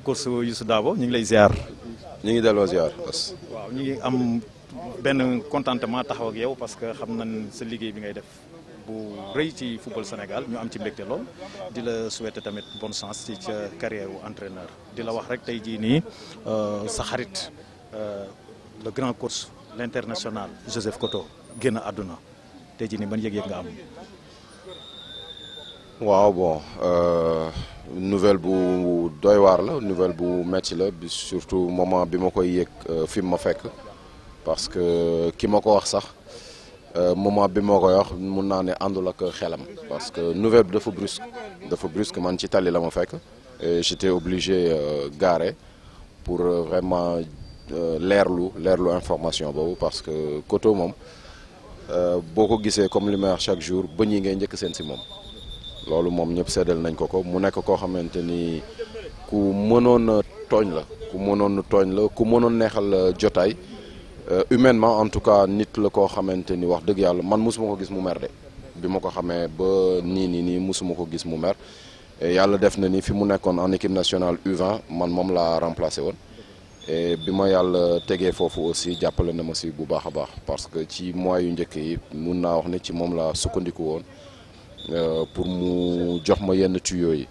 course Yusuf Dabo ñu ngi lay ziar. ñu ngi delloo ziar waaw ñu ngi am ben contentement taxaw ak yow parce que xam nañ sa liggéey bi ngay def bu rëy ci football Sénégal ñu am ci mbégte lool di la souhaiter tamit bonne chance ci ca carrière wu entraîneur di la wax rek tey jii nii euh, sa xarit euh, le grand course l'international Joseph Koto génn àdduna tey jii nii ban yëg-yëg nga am. waaw bon. Euh... nouvelle bu doy waar la nouvelle bu métti la surtout moment bima koy yek euh, fi ma fekk parce que qui euh, m'occupe ko wax sax euh, moment bima ma koy wax mun que ne ak xelam parce que nouvelle de dafa brusque dafa brusque man ci tali la ma fekk et j'étais obligé euh, garer pour l'air vraiment l'air leerlu information parce que Koto mom beaucoup ko comme le chaque jour bëñ yi ngay njëkk seen si c'est mom ñep nañ ko ko mu nekk ko xamante ni ku mënoon togn la ku mënoon togn la ku neexal euh, euh, humainement en tout cas nit le ko xamante ni wax dëgg yàlla man ko gis mu de ma ko xamee ba nii nii nii mer def na ni fi mu nekkoon en équipe nationale U20 man moom laa remplacé et aussi parce que ci yu yi wax euh, pour mu jox ma yenn tuyaux yi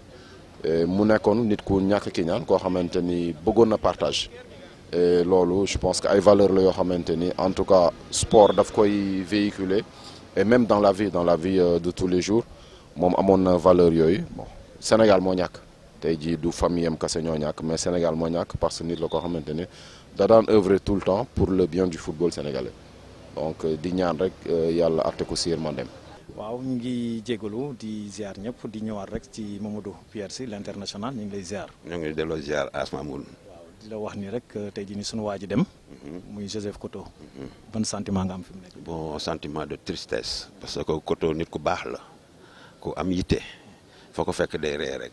euh, mu nekkoon nit ku ñàkk ki ñaan koo xamante ni bëggoon na partage et euh, loolu je pense que ay valeurs la yoo xamante ni en tout cas sport daf koy véhiculer et même dans la vie dans la vie de tous les jours moom amoon na valeur yooyu bon Sénégal moo ñàkk tey jii du famille am kese ñoo ñàkk mais Sénégal moo ñàkk parce que nit la koo xamante ni da daan œuvrer tout le temps pour le bien du football sénégalais donc di ñaan rek yàlla atte ko siir ma dem waaw ñu ngi jégalu di ziar ñëpp di ñëwaat rek ci Mamadou Pierre Sy l'international ñu ngi lay ziar. ñoo ngi delloo ziar Asma Moul. waaw di la wax ni rek euh, tey jii ni sunu waa dem. Mhm. muy Joseph Koto. Mhm. ban sentiment nga am fi mu nekk. boo sentiment de tristesse. parce que Koto nit ku baax la. ku am yitte. foo ko fekk day ree rek.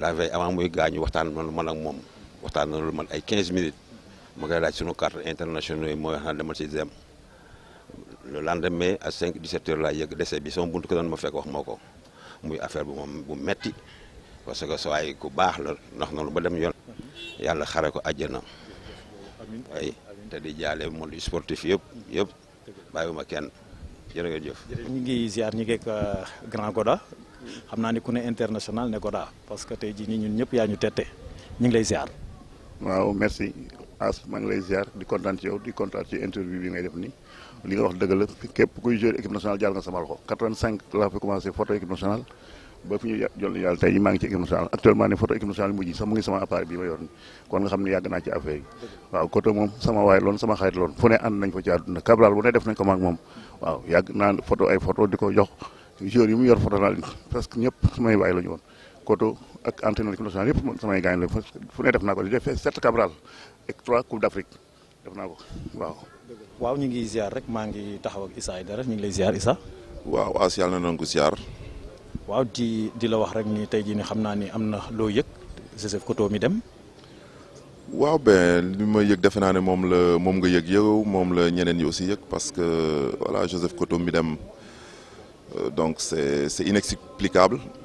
la veille avant muy gaañu waxtaan lu man ak moom waxtaan na lu man ay 15 minutes. ma koy laaj sunu carte internationale yi mooy wax naan demal le mais à cinq 17 heures laa yëg décès bi sama buntu ko doon ma fekk wax moo ko muy affaire bu moom bu metti parce que soo ku baax la ndax noonu ba dem yoon. yàlla xare ko àjjana. ay te di jaale monde sportif yëpp yëpp ma kenn jërëjëf. ñu ngi ziar ñu ngeeg euh, grand Goda xam naa ni ku ne international ne Goda parce que tey jii nii ñun ñëpp yaa ñu tette ñu ngi lay ziar. waaw merci As maa ngi lay ziar di kontaan ci yow di kontaan ci interview bi ngay def nii li nga wax dëgg la képp kuy joué équipe nationale jaar nga sama loxo 85 laa fi commencé photo équipe nationale ba fi ñu jol yàlla tey maa ngi sama appareil bi ma yor ni kon nga xam ne yàgg naa ci affaire yi waaw côté moom sama waay loon sama xarit loon fu ne ànd nañ fa ci àdduna Cabral bu ne def nañ ko maag moom waaw yàgg naa photo ay photo di ko jox joueurs yi mu yor photo naa leen presque ñëpp sumay waay la ñu Koto ak entraîneur équipe yëpp man samay gaañ la fu ne def naa ko def sept Cabral ak trois Coupe d'Afrique def naa ko waaw. waaw ñu ngi ziar rek maa ngi taxaw ak Issa Aidara ñu ngi lay ziar Issa. waaw as yàlla na nangu ziar. waaw di di la wax rek ni tey jii ne xam naa ni am na loo yëg Joseph Koto mi dem. waaw ben li ma yëg defe naa ne moom la moom nga yëg yow moom la ñeneen yi aussi yëg parce que voilà Joseph Koto mi dem euh, donc c'est c'est inexplicable.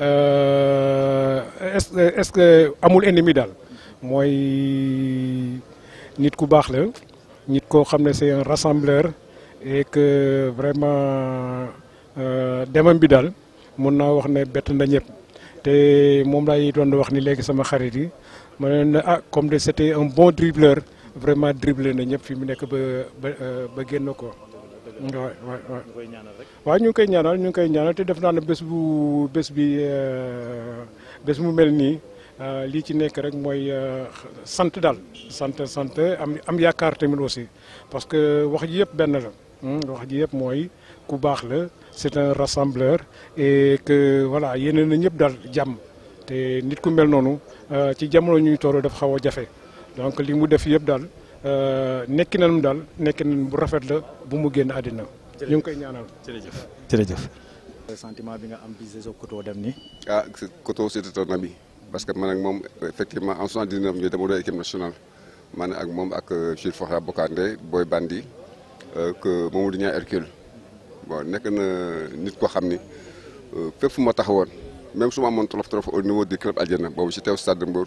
Euh, est-ce que amul ennemi daal mooy nit ku baax la nit koo xam ne c'est un rassembleur et que vraiment euh, demam bi daal mun naa wax ne bett na ñëpp te moom laay doon wax ni léegi sama xarit yi ma ne na ah comme de c'était un bon dribbleur vraiment dribblé na ñëpp fi mu nekk ba ba euh, ba génn ko waaw ñu rek. waaw ñu ngi koy ñaanal ñu ngi koy ñaanal te def naa ne bés bu bés bi euh, bés mu mel nii euh, lii ci nekk rek mooy euh, sant daal sant sant am am yaakaar tamit aussi parce que wax ji yëpp benn la hmm, wax ji yëpp mooy ku baax la c'est un rassembleur et que voilà yéene na ñëpp daal jàmm te nit ku mel noonu ci jamono ñuy toll dafa xaw a jafe donc li mu def yëpp daal. Euh, nekki nañu daal nekki nañu bu rafet la bu mu génn àddina ñu ngi koy ñaanal jërëjëf jërëjëf sentiment bi nga am bis so Koto dem ni ah Koto c'était un ami parce que man ak moom effectivement en 79 ñu dama doon équipe nationale man ak moom ak euh, Jules Fofana Bokandé Boy Bandi euh, que Mamadou Niang Hercule bon nekk na nit koo xam ni fépp fu ma taxawoon même su ma amoon tolof tolof au niveau du club Aljana boobu ci teew Stade de Mbour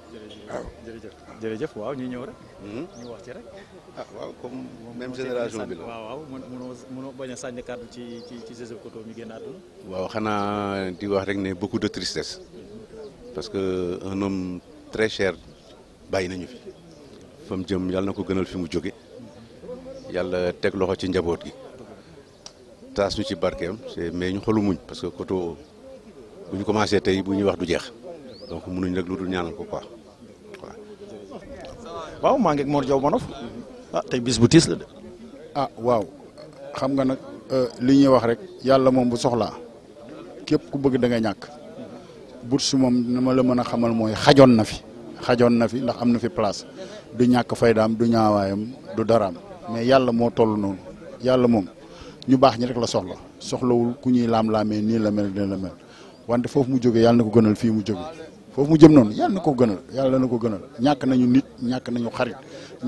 waaw jërëjëf jërëjëf waaw ñu ñëw rek. Hmm? ñu wax ci rek. Ah, même génération bi la waaw waaw mënoo bañ a sànni kàddu ci ci ci Joseph Koto mi génn waaw xanaa di wax rek ne beaucoup de tristesse parce que un homme très cher bàyyi nañu fi fa mu jëm yàlla na ko gënal fi mu jóge yàlla teg loxo ci njaboot gi taas ñu ci barkeem c'est mais ñu xolu muñ parce que Koto bu ñu commencé tey bu ñuy wax du jeex donc mënuñ rek lu dul ñaanal ko quoi. waaw maa ngi ak Mor Diaw Manof ah tey bis bu tiis la de. ah waaw xam nga nag eh, li ñuy wax rek yàlla moom bu soxlaa képp ku bëgg da nga ñàkk bourse moom na ma la mën a xamal mooy xajoon na fi xajoon na fi ndax am na fi place du ñàkk faydaam du ñaawaayam du daraam mais yàlla moo toll noonu yàlla moom ñu baax ñi rek la soxla soxlawul ku ñuy laam-laamee nii la mel nii la mel wante foofu mu jógee yàlla na ko gënal fii mu jógee. foofu mu jëm noonu yàlla na ko gënal yàlla na ko gënal ñàkk nañu nit ñàkk nañu xarit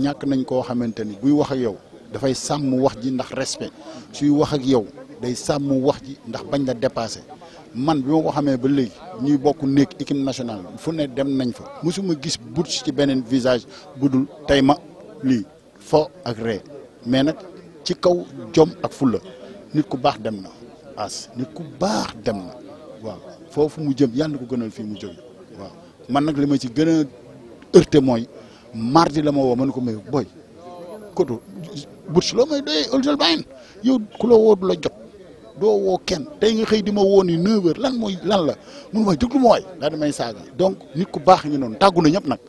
ñàkk nañ koo xamante ni buy wax yow dafay sàmm wax ji ndax respect suy wax ak yow day sàmm wax ji ndax bañ la dépassé man bi ma ko xamee ba léegi ñuy bokk nekk équipe national fu ne dem nañ fa mosuma gis Butch ci beneen visage bu dul tey ma lii fo ak ree mais nag ci kaw jom ak fulla nit ku baax dem na as nit ku baax dem na waaw foofu mu jëm yàlla na ko gënal fii mu jóge waaw man nag li ma ci gën a heurté mooy mardi la ma woo man ko may boy koto but loo may doyee aljol bàyyin yow ku la woo du la jot doo woo kenn tey nga xëy di ma woon ni 9 lan mooy lan la mun may déglu ma waay daa damay saaga donc nit ku baax ñu noonu tàggu na ñëpp nag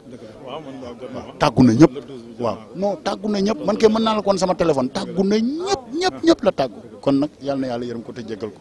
waaw tàggu na ñëpp waaw non tàggu na ñëpp man ke mën naa la koon sama téléphone tàggu na ñëpp ñëpp la tàggu kon nag yàlla na yàlla yërëm ko te jéggal ko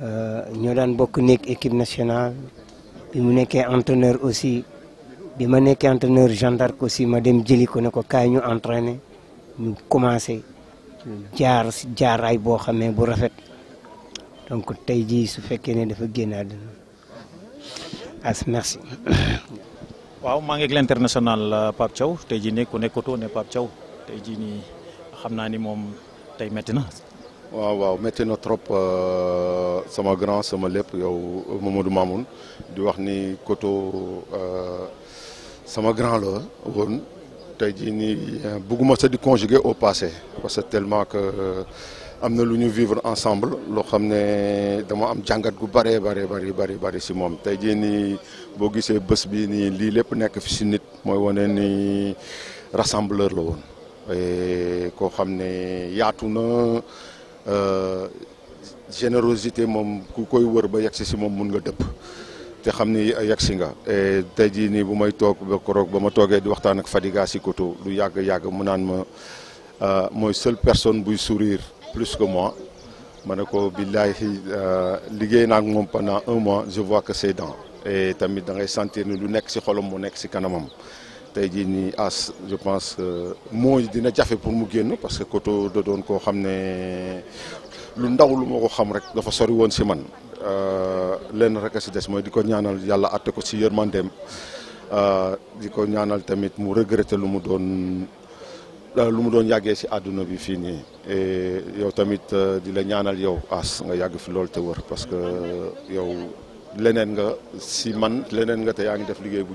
Euh, ñoo daan bokk nekk équipe nationale bi mu nekkee entraîneur aussi bi ma nekkee entraîneur Jeanne aussi ma dem jëli ko ne ko kaay ñu entraîner ñu commencé jaar jaaraay boo xamee bu rafet donc tey jii su fekkee ne dafa génn àdduna as merci. waaw maa ngi ak l'international euh, Pape Thiaw tey ji nekk ku nekkatoo ne Pape Thiaw tey jii nii xam naa ni moom tey métti na. waaw waaw métti na trop euh, sama grand sama lépp yow Mamadou Mamoun di wax ni Koto euh, sama grand la woon tey jii nii euh, bëgguma sa di conjuguer au passé parce que tellement que am na lu ñu vivre ensemble loo xam ne dama am jàngat gu bëree bëri bari bari bari si moom tey jii nii boo gisee bés bi nii lii lépp nekk fi si nit mooy wane ni rassembleur la woon koo xam ne yaatu na Euh, générosité moom ku koy wër ba yegsi si moom mun nga dëpp te xam ni yegsi nga tey jii nii bu may toog ba koroog ba ma toogee di waxtaan ak si Sikoto lu yàgg yàgg mu naan ma euh, mooy seul personne buy sourire plus que mois ma ne ko billaahi euh, liggéey naa ak moom pendant un mois je vois que ses dents et tamit da ngay sentir ni lu nekk si xolam mu nekk si kanamam. tey jii nii as je pense que moo dina jafe pour mu génn parce que Koto da doon koo xam ne lu ndaw lu ma ko xam rek dafa sori woon si man euh, lenn rek si des mooy di ko ñaanal yàlla atte ko si yërmandeem euh, di ko ñaanal tamit mu regretter lu mu doon euh, lu mu doon yàggee si àdduna bi fii nii yow tamit di la ñaanal yow as nga yàgg fi loolu te wër parce que yow leneen nga si man leneen nga te yaa ngi def liggéey bu.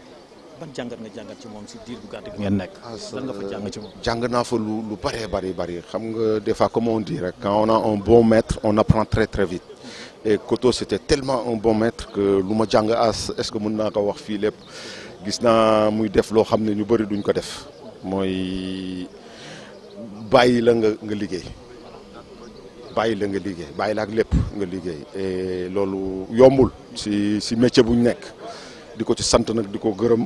ban jàngat nga jàngat ci moom si diir bu gàtt ngeen nekk. lan nga fa jàng ci moom. jàng naa fa lu lu bëree bari bari xam nga des fois comme on dit rek quand on a un bon maître on apprend très très vite. et Koto c'était tellement un bon maître que lu ma jàng as ah, est-ce que mën naa ko wax fii lépp gis naa muy def loo xam ne ñu bëri duñ ko def mooy bàyyi la nga nga liggéey bàyyi la nga liggéey bàyyi la ak lépp nga liggéey et loolu yombul si si métier bu ñu nekk di ko ci sant nag di ko gërëm.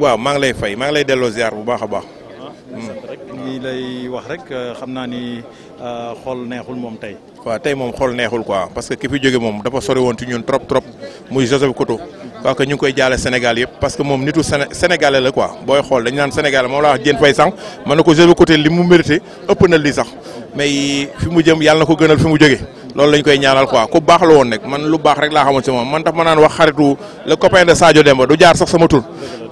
waaw maa ngi lay fay maa ngi lay delloo ziar bu baax a baax. Hmm. rek lay wax rek euh, xam naa ni euh, xool neexul moom tey. waaw tey moom xool neexul quoi parce que ki fi jóge moom dafa sori woon ci ñun trop trop muy Joseph Koto. waaw que ñu ngi koy jaale Sénégal yëpp parce que moom nitu Séné sénégalais la quoi booy xool dañu naan Sénégal moom laa wax Diène Faye sànq ko Joseph Koto li mu mérité ëpp na li sax mais fi mu jëm yàlla na ko gënal fi mu jóge loolu lañ koy ñaanal quoi ku baax la woon nag man lu bax rek la xamul ci mom man tax ma naan wax xaritu le copain de Sadio Demba du jaar sax sama tour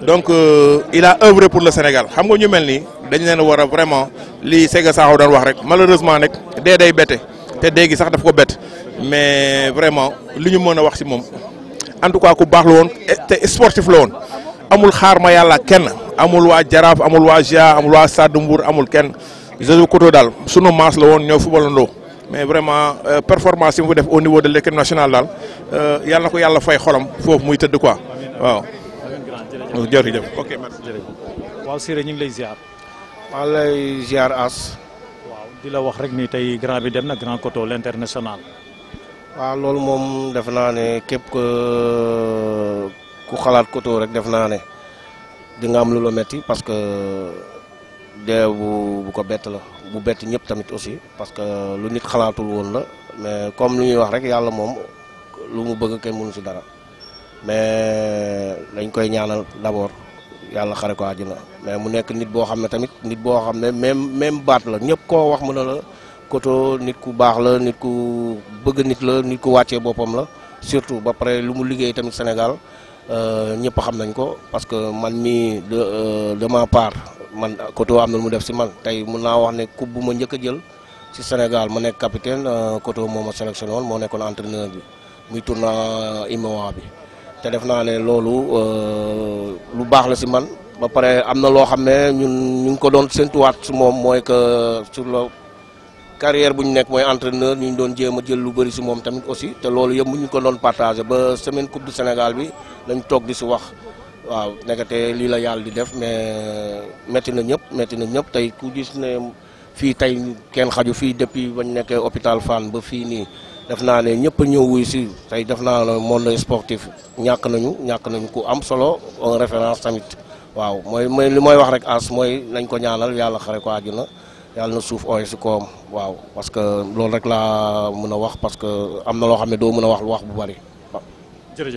donc euh, il a œuvré pour le Sénégal xam nga ñu melni dañ leen wara vraiment li Sega Sakho doon wax rek malheureusement nek dé day bété té dégi sax daf ko bét mais vraiment li ñu mëna wax ci mom en tout cas ku baax la woon te sportif la woon amul xaar ma yalla kenn amul wa jaraf amul wa jia amul wa Stade Mbour amul kenn Joseph Koto dal sunu maas la woon ñoo fubalandoo mais vraiment euh, performance yi def au niveau de l'équipe nationale daal euh, yàlla ko yàlla fay xolom foofu muy tëdd quoi waaw. jërëjëf ñu ngi lay ziar. maa lay di la wax rek ni tey grand bi dem na grand coteau l'international. waaw loolu moom def naa ne képp ku xalaat coteau rek def naa ne di nga lu la metti parce que. dee bu bu ko bett la bu bett ñëpp tamit aussi parce que lu nit xalaatul woon la mais comme lu ñuy wax rek yàlla moom lu mu bëgg kenn mënu si dara mais dañ koy ñaanal d'abord yàlla xare ko àjjana mais mu nekk nit boo xam ne tamit nit boo xam ne même même baat la ñëpp koo wax mu ne la Koto nit ku baax la nit ku bëgg nit la nit ku wàccee boppam la surtout ba pare lu mu liggéey tamit Sénégal euh, ñëpp xam nañ ko parce que man mi de euh, de ma part man Koto am na mu def si man tey mun naa wax ne coupe bu ma njëkk jël si Sénégal ma nekk capitaine euh, Koto moo ma sélectionné woon moo nekkoon entraîneur bi muy tournoi IMOA bi te def naa ne loolu euh, lu baax la si man ba pare am na loo ne ñun ñu ngi ko doon séntuwaat si moom mooy que sur le carrière bu ñu nekk mooy entraîneur ñu doon jéem a jël lu bëri si moom tamit aussi te loolu yëpp ñu ko doon partagé ba semaine coupe du Sénégal bi lañ tok di si wax waaw ndekete lii la yàlla di def mais metti na ñëpp métti na ñëpp tey ku gis ne fii tey kenn xaju fii depuis bañ nekkee hôpital Fann ba fii nii def naa ne ñëpp ñëw wuy si tey def naa ne monde sportif ñàkk nañu ñàkk nañu ku am solo en référence tamit waaw mooy mooy li mooy wax rek as mooy nañ ko ñaanal yàlla xare ko na yàlla na suuf ooy si koom waaw parce que loolu rek laa mën a wax parce que am na loo xam ne doo mën a wax wax bu bari